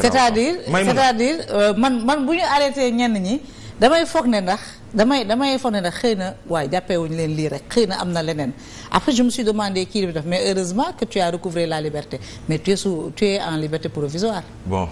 c'est-à-dire c'est-à-dire euh, man man bu ñu arrêté ñenn ñi damay foog ne ndax damay damay foog ne ndax xëy na waaye jàppeewuñu leen lii rek xëy na am na leneen après je me suis demandé kii bi def mais heureusement que tu as recouvré la liberté mais tu es sous en liberté provisoire. bon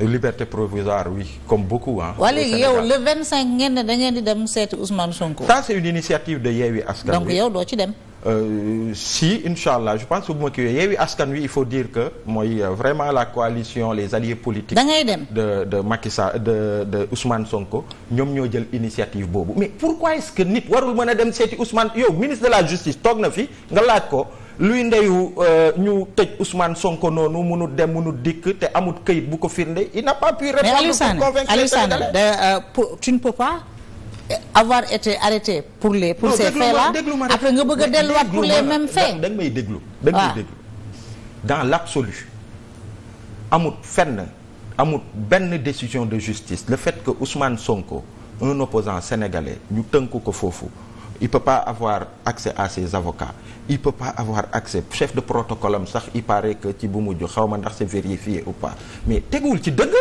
liberté provisoire oui comme beaucoup ah. waa léegi yow le 25 ngeen ne da ngeen di dem seeti Ousmane Sonko. ça c'est une initiative de Yewwi Askan Wi donc yow doo ci dem. Euh, si incha allah je pense que bu ma kiiwee Yewwi Askan Wi il faut dire que mooy euh, vraiment la coalition les alliés politiques. da ngay dem de de Macky Sall de de Ousmane Sonko ñoom ñoo jël initiative boobu mais pourquoi est-ce que nit warul mën a dem seeti Ousmane yow ministre de la justice toog na fi nga laaj ko. luy ndeyu euh, ñu tëj Ousmane Sonko noonu mënul dem mënul dikk te amul kayit bu ko firnde il n'a pas pu répondre pour convaincre les Sénégalais mais euh, Aliou avoir été arrêté pour les pour non, ces ma là après nga bëgg a delluwaat pour les mêmes faits da may déglu da nga may déglu dans l'absolu amut fenn amut benn décision de justice le fait que Ousmane Sonko un opposant sénégalais ñu tënk ko foofu il peut pas avoir accès à ses avocats il peut pas avoir accès chef de protocole sax il paraît que ci bu mujj xaw ma ndax c'est vérifié ou pas mais teguwul ci dëgg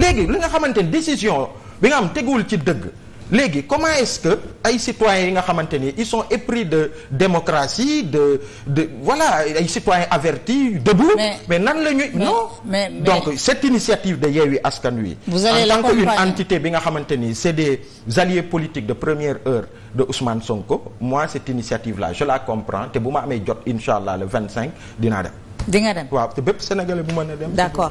léegi li nga xamante ne décision bi nga am teguwul ci dëgg léegi comment est-ce que ay citoyens yi nga xamante ni ils sont épris de démocratie de de wala ay citoyens avertis debout. mais mais nan la ñuy. non mais, mais, donc cette initiative de Yewwi Askan Wi. vous allez en tant une entité bi nga xamante ni c'est des alliés politiques de première heure de Ousmane Sonko moi cette initiative là je la comprends te bu ma amee jot incha allah le vingt cinq dina di nga dem waaw te bépp sénégalais bu mën a dem. d'accord.